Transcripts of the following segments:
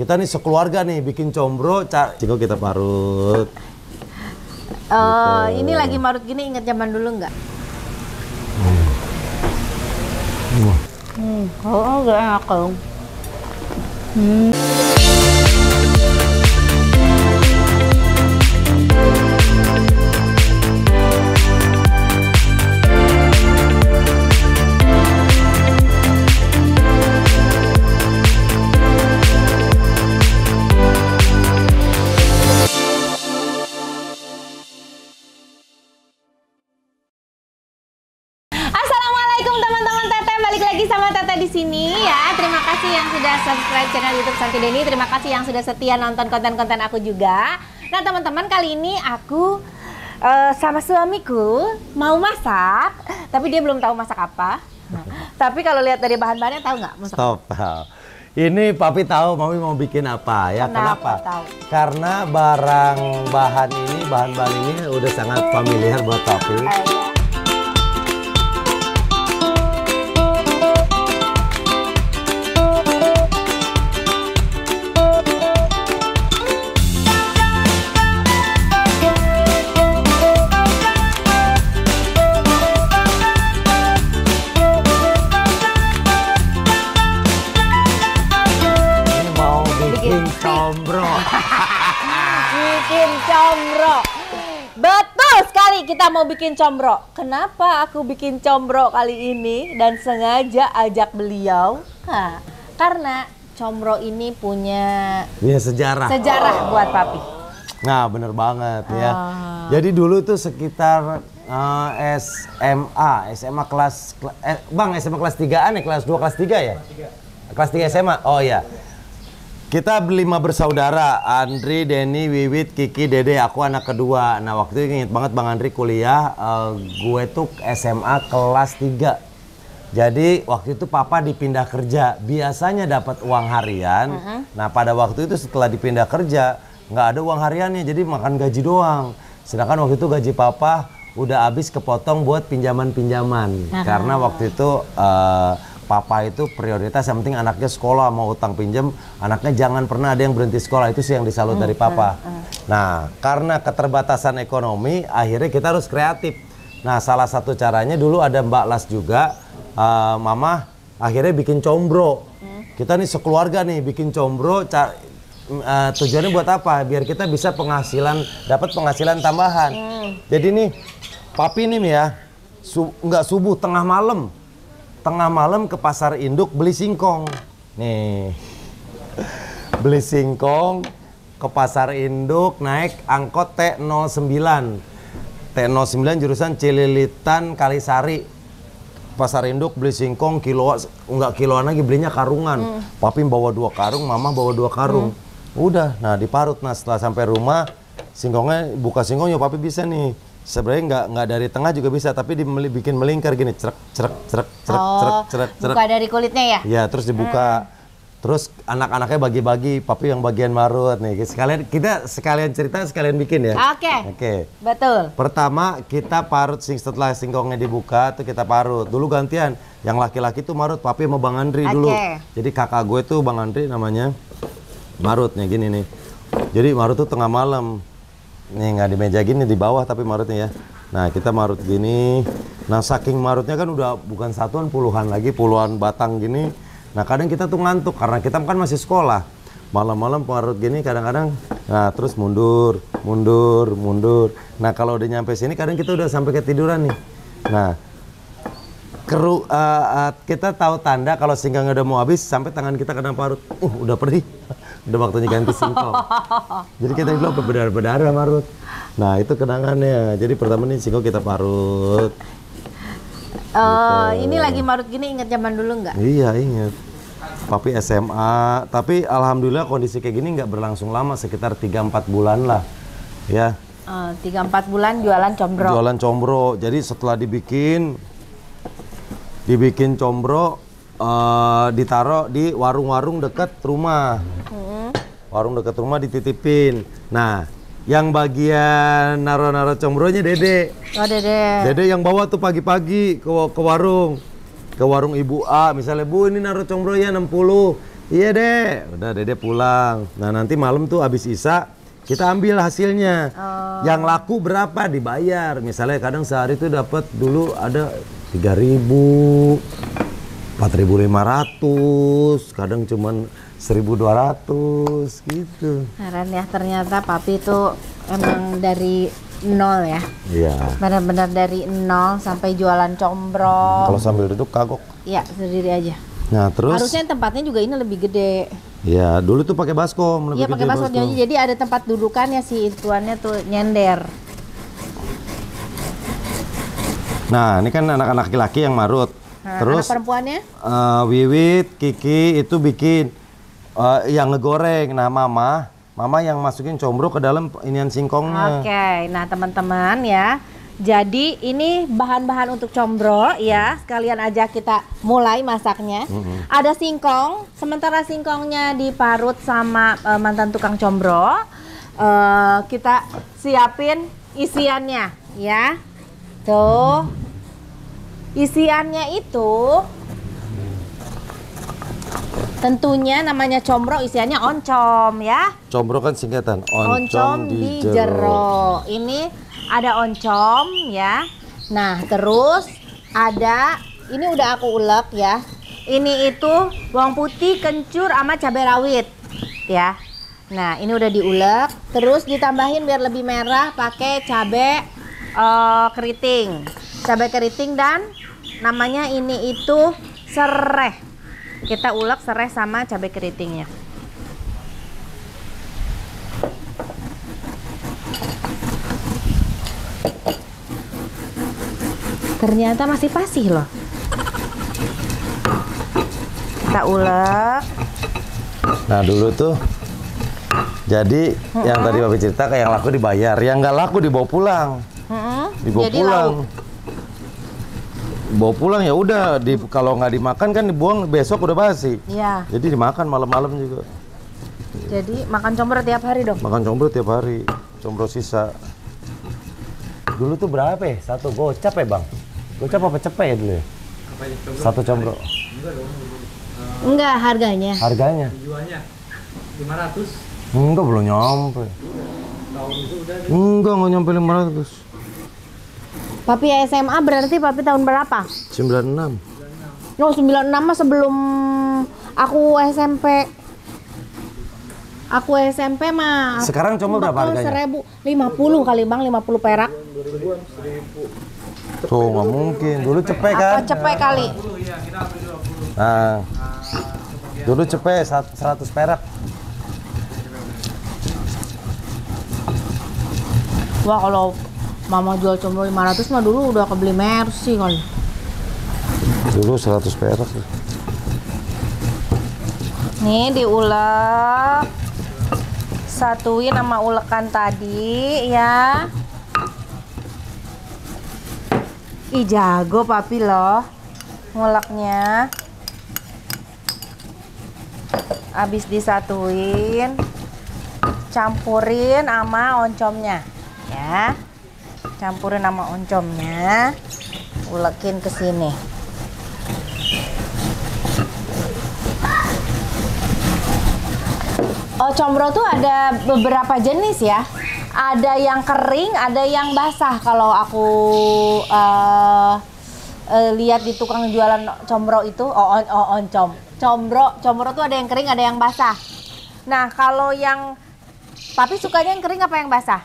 Kita nih sekeluarga nih bikin combro, cak. Ciko kita parut. Uh, eh, gitu. ini lagi marut gini inget zaman dulu nggak? Hmm. Hmm, oh hmm, enggak enak kalau. Hmm. kasih yang sudah subscribe channel YouTube Santi Deni. Terima kasih yang sudah setia nonton konten-konten aku juga. Nah, teman-teman, kali ini aku uh, sama suamiku mau masak, tapi dia belum tahu masak apa. Nah, tapi kalau lihat dari bahan-bahannya tahu nggak masak? Stop. Ini papi tahu mami mau bikin apa ya? Kenapa? Kenapa? Tahu. Karena barang bahan ini, bahan-bahan ini udah sangat familiar buat papi. Oh, Ayo. Iya. combro. bikin combro. Betul sekali kita mau bikin combro. Kenapa aku bikin combro kali ini dan sengaja ajak beliau? karena combro ini punya ya, sejarah. Sejarah oh. buat papi. Nah, bener banget oh. ya. Ah. Jadi dulu tuh sekitar uh, eh, SMA, SMA kelas, kelas eh, Bang, SMA kelas 3-an kelas 2 kelas 3 ya? Kelas 3, ya? SMA. Oh ya. Kita lima bersaudara, Andri, Denny, Wiwit, Kiki, Dede, aku anak kedua. Nah waktu itu inget banget Bang Andri kuliah, uh, gue tuh SMA kelas 3. Jadi waktu itu papa dipindah kerja, biasanya dapat uang harian. Uh -huh. Nah pada waktu itu setelah dipindah kerja, nggak ada uang hariannya, jadi makan gaji doang. Sedangkan waktu itu gaji papa udah habis kepotong buat pinjaman-pinjaman. Uh -huh. Karena waktu itu... Uh, papa itu prioritas yang penting anaknya sekolah mau utang pinjam anaknya jangan pernah ada yang berhenti sekolah itu sih yang disalut hmm, dari papa uh, uh. nah karena keterbatasan ekonomi akhirnya kita harus kreatif nah salah satu caranya dulu ada mbak Las juga uh, mama akhirnya bikin combro hmm. kita nih sekeluarga nih bikin combro uh, tujuannya buat apa biar kita bisa penghasilan dapat penghasilan tambahan hmm. jadi nih papi nih ya su nggak subuh tengah malam tengah malam ke pasar induk beli singkong. Nih. Beli singkong ke pasar induk naik angkot T09. T09 jurusan Cililitan Kalisari. Pasar induk beli singkong kilo enggak kiloan lagi belinya karungan. Hmm. Papi bawa dua karung, mama bawa dua karung. Hmm. Udah, nah diparut nah setelah sampai rumah singkongnya buka singkongnya papi bisa nih sebenarnya nggak nggak dari tengah juga bisa tapi dibikin bikin melingkar gini cerek cerek cerek cerek oh, cerek cerek buka dari kulitnya ya ya terus dibuka hmm. Terus anak-anaknya bagi-bagi, papi yang bagian marut nih. Sekalian kita sekalian cerita, sekalian bikin ya. Oke. Okay. Oke. Okay. Betul. Pertama kita parut sing setelah singkongnya dibuka tuh kita parut. Dulu gantian, yang laki-laki tuh marut papi sama Bang Andri okay. dulu. Jadi kakak gue tuh Bang Andri namanya marutnya gini nih. Jadi marut tuh tengah malam. Ini nggak di meja gini di bawah tapi marutnya ya. Nah kita marut gini. Nah saking marutnya kan udah bukan satuan puluhan lagi puluhan batang gini. Nah kadang kita tuh ngantuk karena kita kan masih sekolah. Malam-malam marut gini kadang-kadang nah terus mundur, mundur, mundur. Nah kalau udah nyampe sini kadang kita udah sampai ketiduran nih. Nah keru uh, uh, kita tahu tanda kalau singgangnya udah mau habis sampai tangan kita kadang parut. Uh udah perih udah waktunya ganti singkong. Jadi kita bilang berdarah-berdarah marut. Nah itu kenangannya. Jadi pertama nih singkong kita parut. Uh, gitu. Ini lagi marut gini ingat zaman dulu nggak? Iya ingat. Tapi SMA, tapi alhamdulillah kondisi kayak gini nggak berlangsung lama, sekitar 3-4 bulan lah. Ya. Eh, Tiga 3 empat bulan jualan combro. Jualan combro. Jadi setelah dibikin, dibikin combro, uh, ditaruh di warung-warung dekat rumah. Hmm. Warung dekat rumah dititipin. Nah, yang bagian naro-naro combronya Dede. Oh, Dede. Dede yang bawa tuh pagi-pagi ke, ke warung. Ke warung Ibu A, misalnya, Bu ini naro combronya enam 60. Iya, deh, Udah Dede pulang. Nah, nanti malam tuh habis Isa, kita ambil hasilnya. Oh. Yang laku berapa dibayar. Misalnya kadang sehari tuh dapat dulu ada 3000, 4.500, kadang cuman 1.200 gitu. Heran ya ternyata papi itu emang dari nol ya. Iya. Benar-benar dari nol sampai jualan combro. Kalau sambil itu kagok. Iya, sendiri aja. Nah, terus harusnya tempatnya juga ini lebih gede. Iya, dulu tuh pakai baskom Iya, pakai baskom. Jadi, jadi ada tempat dudukannya si ituannya tuh nyender. Nah, ini kan anak-anak laki-laki yang marut. Terus Anak perempuannya? Uh, Wiwit, Kiki itu bikin uh, yang ngegoreng. Nah, Mama, Mama yang masukin combro ke dalam inian singkongnya. Oke, okay. nah teman-teman ya. Jadi ini bahan-bahan untuk combro ya. Sekalian aja kita mulai masaknya. Mm -hmm. Ada singkong, sementara singkongnya diparut sama uh, mantan tukang combro. Uh, kita siapin isiannya ya. Tuh. Isiannya itu Tentunya namanya combro isiannya oncom ya. Combro kan singkatan oncom, oncom di, jero. jero. Ini ada oncom ya. Nah, terus ada ini udah aku ulek ya. Ini itu bawang putih, kencur sama cabai rawit ya. Nah, ini udah diulek, terus ditambahin biar lebih merah pakai cabai uh, keriting cabai keriting dan namanya ini itu sereh kita ulek sereh sama cabai keritingnya ternyata masih pasih loh kita ulek nah dulu tuh jadi -hmm. yang tadi Bapak cerita kayak yang laku dibayar yang nggak laku dibawa pulang -hmm. dibawa jadi pulang lauk bawa pulang ya udah di kalau nggak dimakan kan dibuang besok udah basi iya jadi dimakan malam-malam juga jadi makan combro tiap hari dong makan combro tiap hari combro sisa dulu tuh berapa ya satu gocap ya bang gocap apa cepet ya dulu ya satu combro enggak harganya harganya jualnya lima ratus enggak belum nyampe tahun enggak nggak nyampe lima ratus Papi SMA berarti papi tahun berapa? 96. Oh, 96 mah sebelum aku SMP. Aku SMP mah. Sekarang cuma berapa harganya? 50 kali Bang, 50 perak. Tuh, nggak mungkin. Dulu cepet kan? Apa cepet kali? Nah. Dulu cepet 100 perak. Wah, kalau mama jual cuma 500 mah dulu udah kebeli Mercy kali dulu 100 perak nih diulek satuin sama ulekan tadi ya ih jago papi loh nguleknya habis disatuin campurin sama oncomnya ya campurin sama oncomnya ulekin ke sini Oh, combro tuh ada beberapa jenis ya. Ada yang kering, ada yang basah. Kalau aku uh, uh, lihat di tukang jualan combro itu, oh, on, oh, oncom combro, combro tuh ada yang kering, ada yang basah. Nah, kalau yang tapi sukanya yang kering apa yang basah?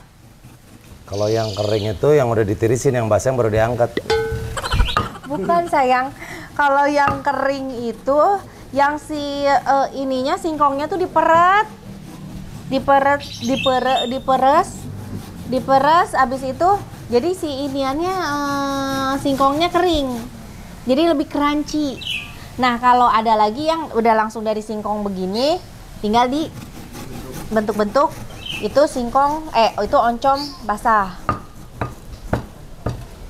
Kalau yang kering itu yang udah ditirisin, yang basah yang baru diangkat. Bukan sayang, kalau yang kering itu yang si uh, ininya singkongnya tuh diperet, diperet, dipere, diperes, diperes. Abis itu jadi si iniannya uh, singkongnya kering, jadi lebih crunchy. Nah kalau ada lagi yang udah langsung dari singkong begini, tinggal di bentuk-bentuk itu singkong eh itu oncom basah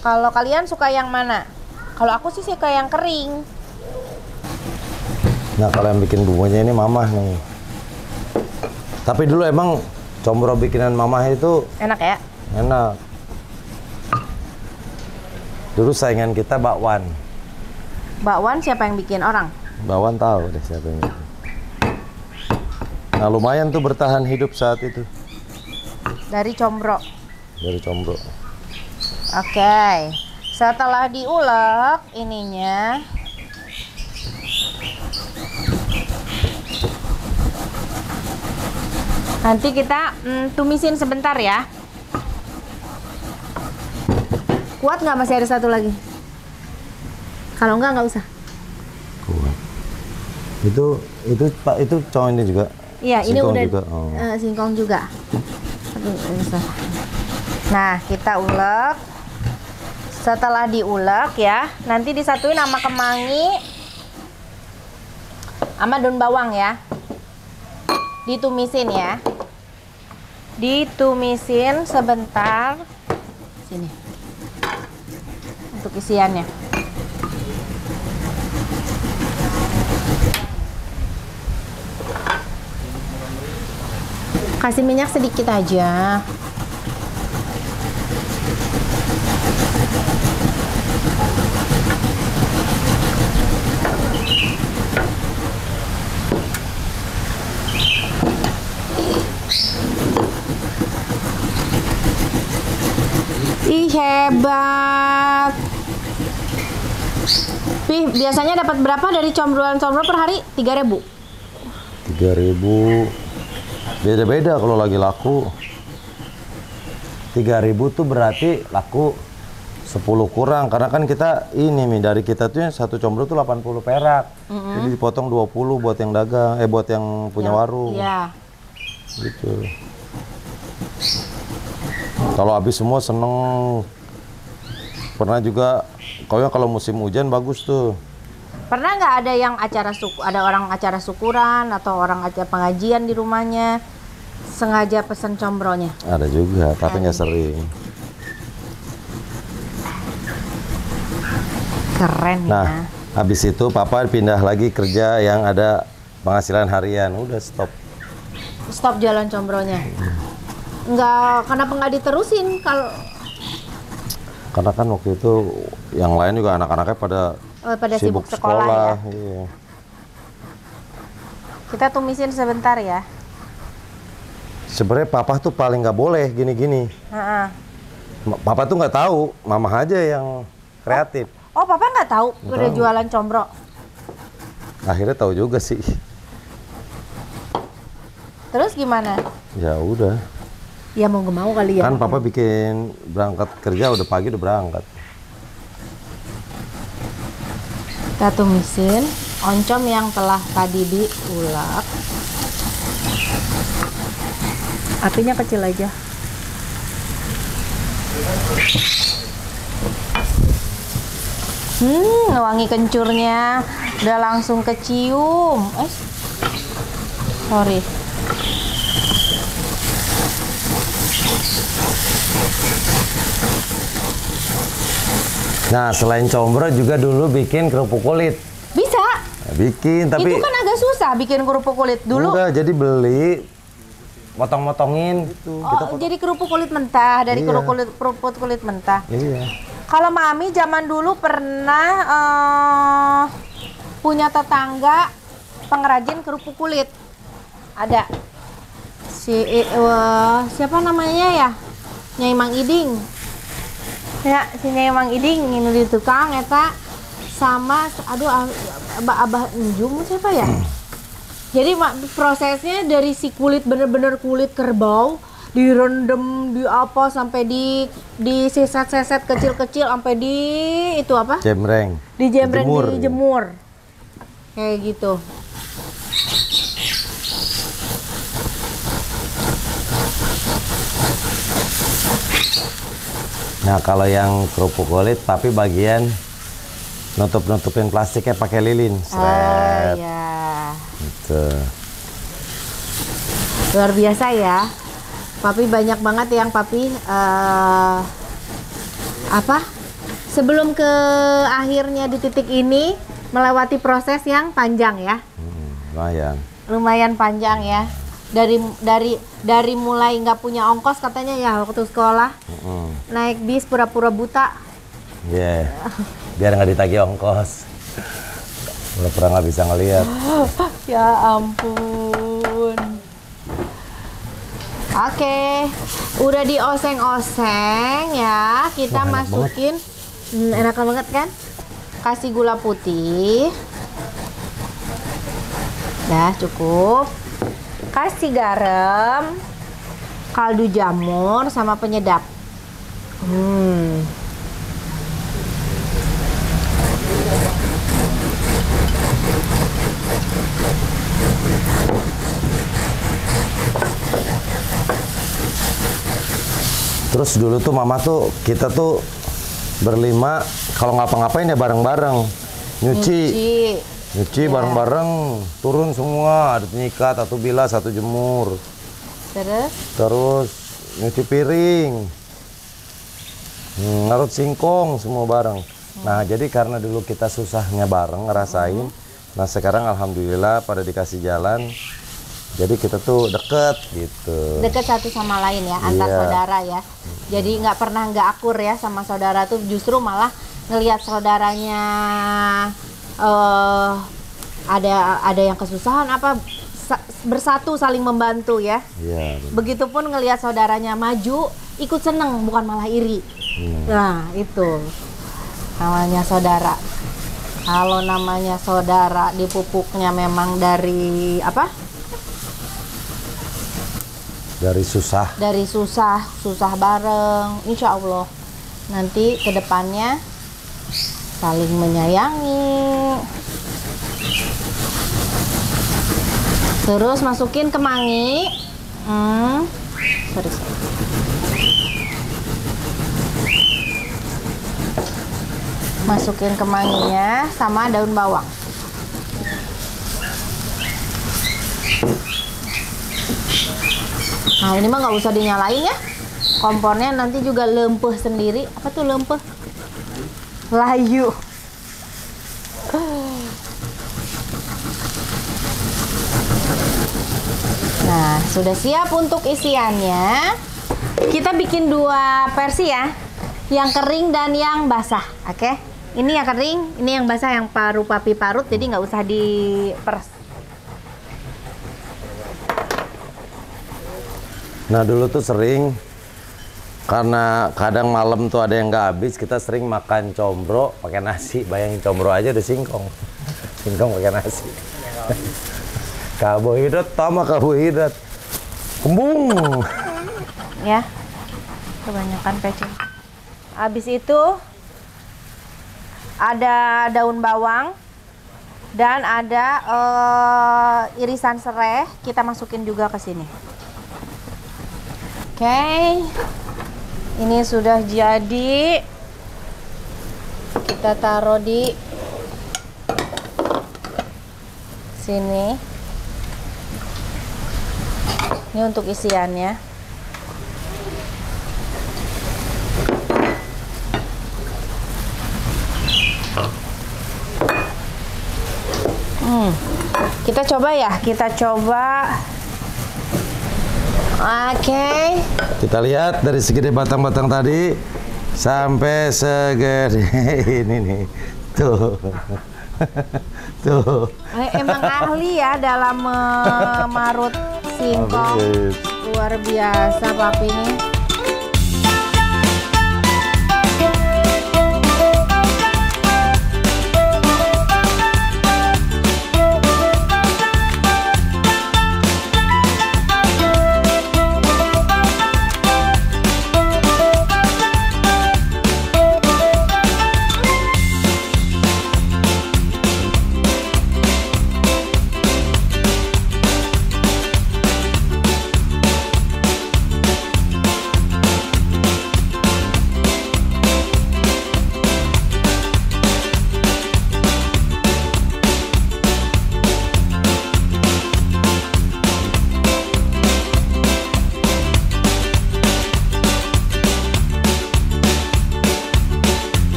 kalau kalian suka yang mana kalau aku sih suka yang kering nah kalau yang bikin bumbunya ini mamah nih tapi dulu emang combro bikinan mamah itu enak ya enak dulu saingan kita bakwan bakwan siapa yang bikin orang bakwan tahu deh siapa yang bikin Nah lumayan tuh bertahan hidup saat itu dari combro dari combro oke okay. setelah diulek ininya nanti kita mm, tumisin sebentar ya kuat nggak masih ada satu lagi kalau nggak nggak usah kuat itu itu pak itu cowok ini juga Iya, ini udah juga. Oh. Eh, singkong juga. Nah, kita ulek. Setelah diulek ya, nanti disatuin sama kemangi sama daun bawang ya. Ditumisin ya. Ditumisin sebentar. Sini. Untuk isiannya. kasih minyak sedikit aja Ih hebat. Wih, biasanya dapat berapa dari combroan combro per hari? 3000. 3000 beda-beda kalau lagi laku 3000 tuh berarti laku 10 kurang karena kan kita ini nih dari kita tuh yang satu combro tuh 80 perak mm -hmm. jadi dipotong 20 buat yang dagang eh buat yang punya ya. warung ya. gitu kalau habis semua seneng pernah juga kalau kalau musim hujan bagus tuh pernah nggak ada yang acara suku ada orang acara syukuran atau orang acara pengajian di rumahnya sengaja pesen combronya ada juga tapi nggak sering keren ya. nah ya. habis itu papa pindah lagi kerja yang ada penghasilan harian udah stop stop jalan combronya nggak karena nggak diterusin kalau karena kan waktu itu yang lain juga anak-anaknya pada Oh, pada sibuk, sibuk sekolah, ya? sekolah ya. Iya. Kita tumisin sebentar ya. Sebenarnya papa tuh paling nggak boleh gini-gini. Uh-uh. Papa tuh nggak tahu, mama aja yang oh. kreatif. Oh, oh papa nggak tahu gak udah tahu. jualan combro. Akhirnya tahu juga sih. Terus gimana? Ya udah. Ya mau gak mau kali ya. Kan papa bikin berangkat kerja udah pagi udah berangkat. kita tumisin oncom yang telah tadi diulek apinya kecil aja hmm wangi kencurnya udah langsung kecium eh sorry Nah, selain combro juga dulu bikin kerupuk kulit. Bisa. Nah, bikin, tapi... Itu kan agak susah bikin kerupuk kulit dulu. Enggak, jadi beli, potong-potongin. Gitu. Oh, potong. jadi kerupuk kulit mentah, dari iya. kerupuk kulit, kerupuk kulit mentah. Iya. Kalau Mami zaman dulu pernah uh, punya tetangga pengrajin kerupuk kulit. Ada. Si uh, siapa namanya ya? Nyai Mang Iding ya sini emang ini di tukang eta ya, sama aduh ah, abah abah njung siapa ya hmm. jadi prosesnya dari si kulit bener-bener kulit kerbau direndam di apa sampai di di seset-seset kecil-kecil sampai di itu apa jemreng di jemreng dijemur. di jemur kayak gitu Nah kalau yang kerupuk kulit tapi bagian nutup-nutupin plastiknya pakai lilin. Ah, Seret. Oh, iya. Gitu. Luar biasa ya. Papi banyak banget yang papi uh, apa? Sebelum ke akhirnya di titik ini melewati proses yang panjang ya. Hmm, lumayan. Lumayan panjang ya dari dari dari mulai nggak punya ongkos katanya ya waktu sekolah mm. naik bis pura-pura buta ya yeah. biar nggak ditagih ongkos pura-pura nggak bisa ngelihat ya ampun oke okay. udah di oseng oseng ya kita Wah, enak masukin Hmm, enak banget kan kasih gula putih dah ya, cukup kasih garam, kaldu jamur sama penyedap. Hmm. Terus dulu tuh mama tuh kita tuh berlima kalau ngapa-ngapain ya bareng-bareng. Nyuci. Nyuci Nyuci iya. bareng-bareng, ya. turun semua, ada penyikat, satu bilas, satu jemur. Terus? Terus nyuci piring, hmm, ngarut singkong semua bareng. Hmm. Nah jadi karena dulu kita susahnya bareng ngerasain, hmm. nah sekarang alhamdulillah pada dikasih jalan, jadi kita tuh deket gitu. Deket satu sama lain ya, antar yeah. saudara ya. Jadi hmm. nggak pernah nggak akur ya sama saudara tuh, justru malah ngelihat saudaranya uh, ada ada yang kesusahan apa bersatu saling membantu ya. ya Begitupun ngelihat saudaranya maju, ikut seneng bukan malah iri. Hmm. Nah itu namanya saudara. Kalau namanya saudara dipupuknya memang dari apa? Dari susah. Dari susah, susah bareng. Insya Allah nanti kedepannya saling menyayangi terus masukin kemangi hmm. sorry, sorry. masukin kemanginya sama daun bawang nah ini mah nggak usah dinyalain ya kompornya nanti juga lempeh sendiri apa tuh lempeh layu nah sudah siap untuk isiannya kita bikin dua versi ya yang kering dan yang basah oke okay? ini yang kering ini yang basah yang paru papi parut jadi nggak usah diperas nah dulu tuh sering karena kadang malam tuh ada yang nggak habis kita sering makan combro pakai nasi bayangin combro aja udah singkong singkong pakai nasi karbohidrat sama karbohidrat kembung ya kebanyakan pecel habis itu ada daun bawang dan ada uh, irisan serai kita masukin juga ke sini oke okay ini sudah jadi kita taruh di sini ini untuk isiannya hmm. kita coba ya kita coba Oke. Okay. Kita lihat dari segede batang-batang tadi sampai segede ini nih. Tuh. Tuh. Eh, emang ahli ya dalam memarut eh, singkong. Luar biasa papi ini.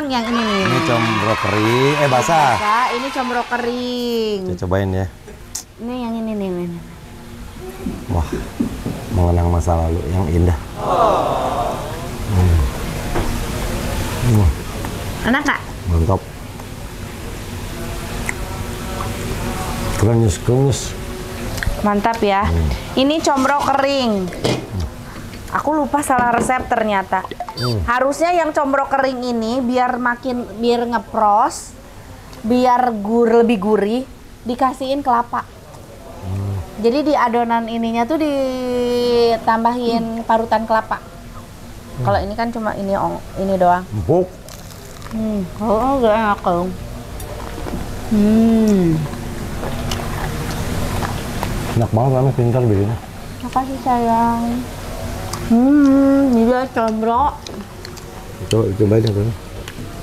kang yang ini nih. Ini combro kering, eh basah. basah. Ini combro kering. Kita cobain ya. Ini yang ini nih. Ini. Wah, mengenang masa lalu yang indah. Hmm. Wah. Enak kak? Mantap. Krenyes, krenyes. Mantap ya. Hmm. Ini combro kering. Aku lupa salah resep ternyata. Hmm. Harusnya yang combro kering ini biar makin biar ngepros, biar gur lebih gurih, dikasihin kelapa. Hmm. Jadi di adonan ininya tuh ditambahin hmm. parutan kelapa. Hmm. Kalau ini kan cuma ini ini doang. Empuk. Hmm, oh, oh gak enak dong. Hmm. Enak banget kamu pintar bikinnya. Makasih sayang. Hmm, dia combro. Coba aja ya,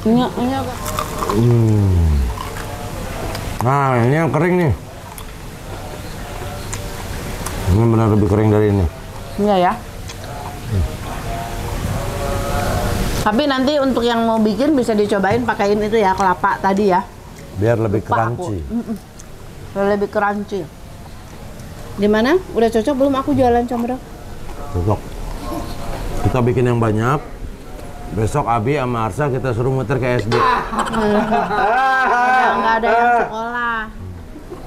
Ini, ini apa? Hmm. Nah, ini yang kering nih. Ini benar lebih kering dari ini. Iya ya. Hmm. Tapi nanti untuk yang mau bikin bisa dicobain pakaiin itu ya kelapa tadi ya. Biar lebih Lupa crunchy. Mm -mm. lebih crunchy. Gimana? Udah cocok belum aku jualan combro? Cocok kita bikin yang banyak besok Abi sama Arsa kita suruh muter ke SD nggak ada yang sekolah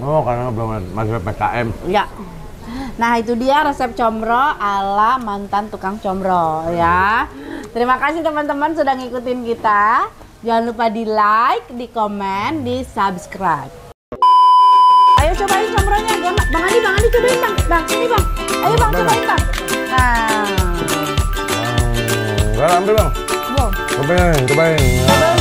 oh karena belum masih PKM ya Nah itu dia resep comro ala mantan tukang comro ya. Terima kasih teman-teman sudah ngikutin kita. Jangan lupa di like, di komen, di subscribe. Ayo cobain comronya, Bang Adi Bang Adi cobain Bang, Bang ini Bang. Ayo Bang cobain Bang. Nah. Bang, ambil bang. Bang. Cobain, cobain. cobain.